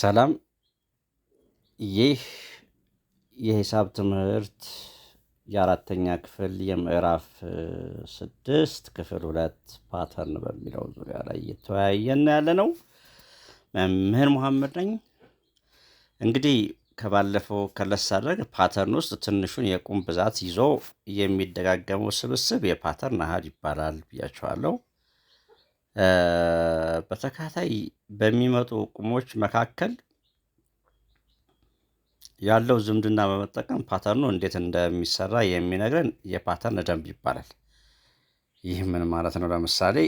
ሰላም ይህ የሂሳብ ትምህርት የአራተኛ ክፍል የምዕራፍ ስድስት ክፍል ሁለት ፓተርን በሚለው ዙሪያ ላይ እየተወያየን ያለ ነው። መምህር መሐመድ ነኝ። እንግዲህ ከባለፈው ከለስ ሳደርግ ፓተርን ውስጥ ትንሹን የቁም ብዛት ይዞ የሚደጋገመው ስብስብ የፓተርን አሃድ ይባላል ብያቸዋለሁ። በተከታታይ በሚመጡ ቁሞች መካከል ያለው ዝምድና በመጠቀም ፓተርኑ እንዴት እንደሚሰራ የሚነግረን የፓተርን ደንብ ይባላል። ይህ ምን ማለት ነው? ለምሳሌ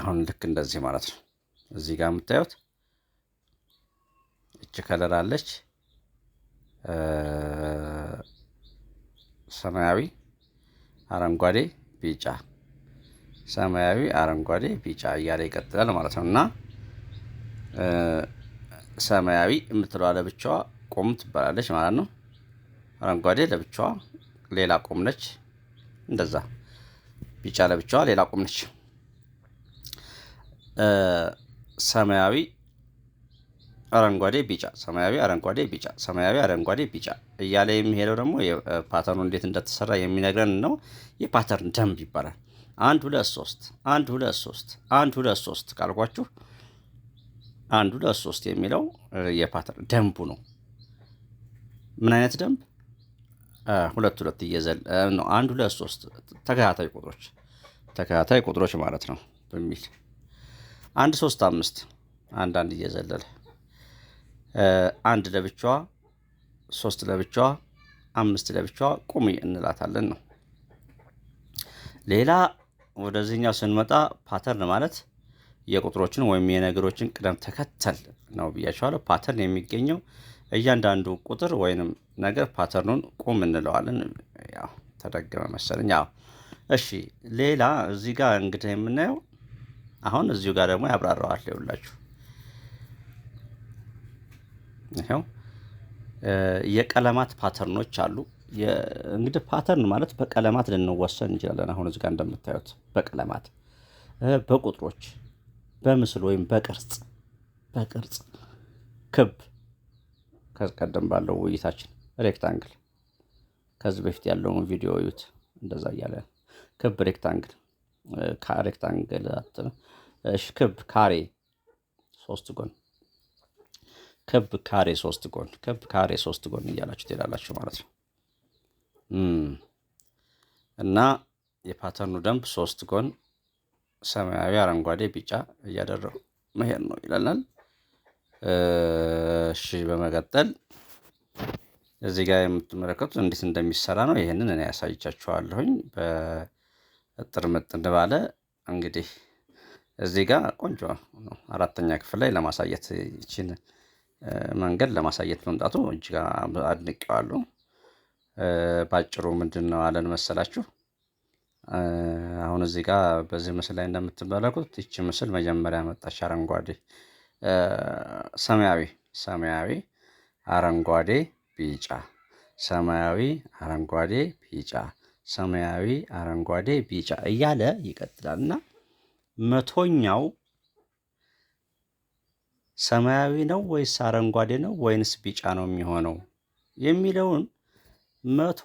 አሁን ልክ እንደዚህ ማለት ነው። እዚህ ጋር የምታዩት እች ከለር አለች፣ ሰማያዊ፣ አረንጓዴ፣ ቢጫ ሰማያዊ፣ አረንጓዴ፣ ቢጫ እያለ ይቀጥላል ማለት ነው እና ሰማያዊ የምትለዋ ለብቻዋ ቁም ትባላለች ማለት ነው። አረንጓዴ ለብቻዋ ሌላ ቁም ነች። እንደዛ ቢጫ ለብቻዋ ሌላ ቁም ነች። ሰማያዊ አረንጓዴ ቢጫ ሰማያዊ አረንጓዴ ቢጫ ሰማያዊ አረንጓዴ ቢጫ እያለ የሚሄደው ደግሞ ፓተርኑ እንዴት እንደተሰራ የሚነግረን ነው። የፓተርን ደንብ ይባላል። አንድ ሁለት ሶስት አንድ ሁለት ሶስት አንድ ሁለት ሶስት ካልኳችሁ አንድ ሁለት ሶስት የሚለው የፓተር ደንቡ ነው። ምን አይነት ደንብ? ሁለት ሁለት እየዘለ ነው። አንድ ሁለት ሶስት ተከታታይ ቁጥሮች ተከታታይ ቁጥሮች ማለት ነው በሚል አንድ ሶስት አምስት አንድ አንድ እየዘለለ አንድ ለብቻዋ ሶስት ለብቻዋ አምስት ለብቻዋ ቁሚ እንላታለን ነው። ሌላ ወደዚህኛው ስንመጣ ፓተርን ማለት የቁጥሮችን ወይም የነገሮችን ቅደም ተከተል ነው ብያቸዋለሁ። ፓተርን የሚገኘው እያንዳንዱ ቁጥር ወይንም ነገር ፓተርኑን ቁም እንለዋለን። ያው ተደገመ መሰለኝ። ያው እሺ፣ ሌላ እዚህ ጋር እንግዲህ የምናየው አሁን እዚሁ ጋር ደግሞ ያብራራዋል። ይኸውላችሁ ይኸው የቀለማት ፓተርኖች አሉ። እንግዲህ ፓተርን ማለት በቀለማት ልንወሰን እንችላለን። አሁን እዚጋ እንደምታዩት በቀለማት በቁጥሮች፣ በምስል ወይም በቅርጽ በቅርጽ ክብ፣ ከዚህ ቀደም ባለው ውይይታችን ሬክታንግል፣ ከዚህ በፊት ያለውን ቪዲዮ እዩት። እንደዛ እያለ ክብ፣ ሬክታንግል፣ ሬክታንግል፣ ክብ፣ ካሬ ሶስት ጎን ክብ፣ ካሬ ሶስት ጎን፣ ክብ፣ ካሬ ሶስት ጎን እያላችሁ ትሄዳላችሁ ማለት ነው። እና የፓተርኑ ደንብ ሶስት ጎን ሰማያዊ፣ አረንጓዴ፣ ቢጫ እያደረጉ መሄድ ነው ይለናል። እሺ በመቀጠል እዚህ ጋር የምትመለከቱት እንዴት እንደሚሰራ ነው። ይህንን እኔ ያሳይቻችኋለሁኝ በእጥር ምጥን ባለ እንግዲህ እዚህ ጋር ቆንጆ ነው። አራተኛ ክፍል ላይ ለማሳየት ይችን መንገድ ለማሳየት መምጣቱ እጅግ አድንቄዋለሁ። ባጭሩ ምንድን ነው አለን መሰላችሁ? አሁን እዚህ ጋር በዚህ ምስል ላይ እንደምትመለከቱት ይቺ ምስል መጀመሪያ መጣች። አረንጓዴ፣ ሰማያዊ፣ ሰማያዊ፣ አረንጓዴ፣ ቢጫ፣ ሰማያዊ፣ አረንጓዴ፣ ቢጫ፣ ሰማያዊ፣ አረንጓዴ፣ ቢጫ እያለ ይቀጥላል እና መቶኛው ሰማያዊ ነው ወይስ አረንጓዴ ነው ወይንስ ቢጫ ነው የሚሆነው የሚለውን መቶ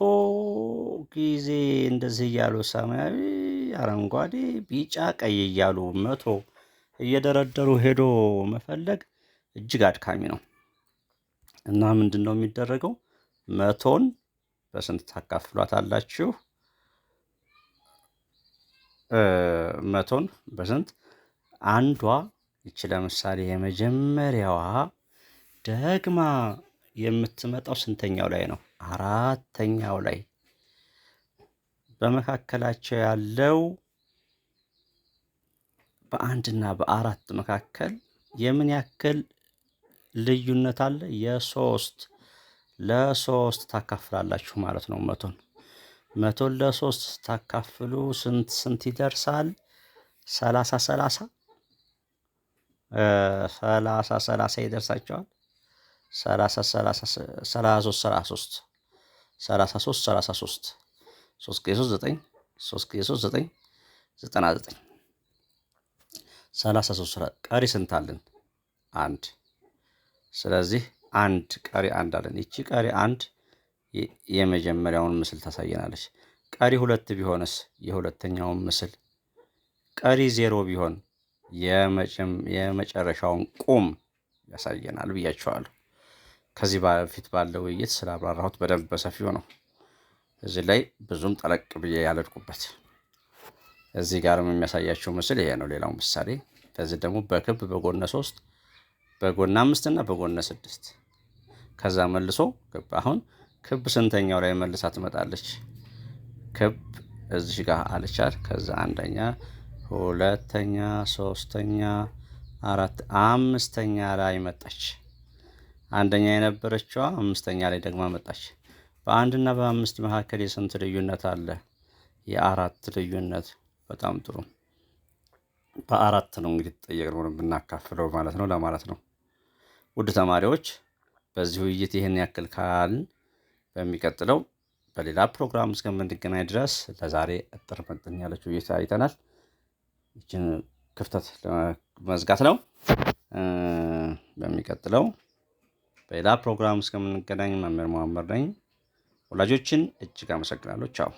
ጊዜ እንደዚህ እያሉ ሰማያዊ፣ አረንጓዴ፣ ቢጫ፣ ቀይ እያሉ መቶ እየደረደሩ ሄዶ መፈለግ እጅግ አድካሚ ነው እና ምንድን ነው የሚደረገው? መቶን በስንት አላችሁ? መቶን በስንት አንዷ ይቺ ለምሳሌ የመጀመሪያዋ ደግማ የምትመጣው ስንተኛው ላይ ነው? አራተኛው ላይ። በመካከላቸው ያለው በአንድና በአራት መካከል የምን ያክል ልዩነት አለ? የሶስት ለሶስት ታካፍላላችሁ ማለት ነው መቶን መቶን ለሶስት ስታካፍሉ ስንት ስንት ይደርሳል? ሰላሳ ሰላሳ ሰላሳ ሰላሳ ይደርሳቸዋል። 33 ሶስት ከሶስት ዘጠኝ ሶስት ቀሪ ስንት አለን? አንድ። ስለዚህ አንድ ቀሪ አንድ አለን። ይቺ ቀሪ አንድ የመጀመሪያውን ምስል ታሳየናለች። ቀሪ ሁለት ቢሆንስ? የሁለተኛውን ምስል። ቀሪ ዜሮ ቢሆን የመጨረሻውን ቁም ያሳየናል ብያቸዋለሁ። ከዚህ በፊት ባለው ውይይት ስላብራራሁት በደንብ በሰፊው ነው። እዚህ ላይ ብዙም ጠለቅ ብዬ ያለድኩበት። እዚህ ጋርም የሚያሳያቸው ምስል ይሄ ነው። ሌላው ምሳሌ ከዚህ ደግሞ በክብ በጎነ ሶስት በጎነ አምስት እና በጎነ ስድስት ከዛ መልሶ ክብ። አሁን ክብ ስንተኛው ላይ መልሳ ትመጣለች? ክብ እዚህ ጋር አልቻል። ከዛ አንደኛ፣ ሁለተኛ፣ ሶስተኛ፣ አራት አምስተኛ ላይ መጣች። አንደኛ የነበረችዋ አምስተኛ ላይ ደግማ መጣች። በአንድና በአምስት መካከል የስንት ልዩነት አለ? የአራት ልዩነት። በጣም ጥሩ። በአራት ነው እንግዲህ ተጠየቅነው የምናካፍለው ማለት ነው ለማለት ነው። ውድ ተማሪዎች በዚህ ውይይት ይህን ያክል ካልን በሚቀጥለው በሌላ ፕሮግራም እስከምንገናኝ ድረስ ለዛሬ እጥር መጥን ያለች ውይይት አይተናል። ይችን ክፍተት መዝጋት ነው። በሚቀጥለው በሌላ ፕሮግራም እስከምንገናኝ መምህር መሐመድ ነኝ። ወላጆችን እጅግ አመሰግናለሁ። ቻው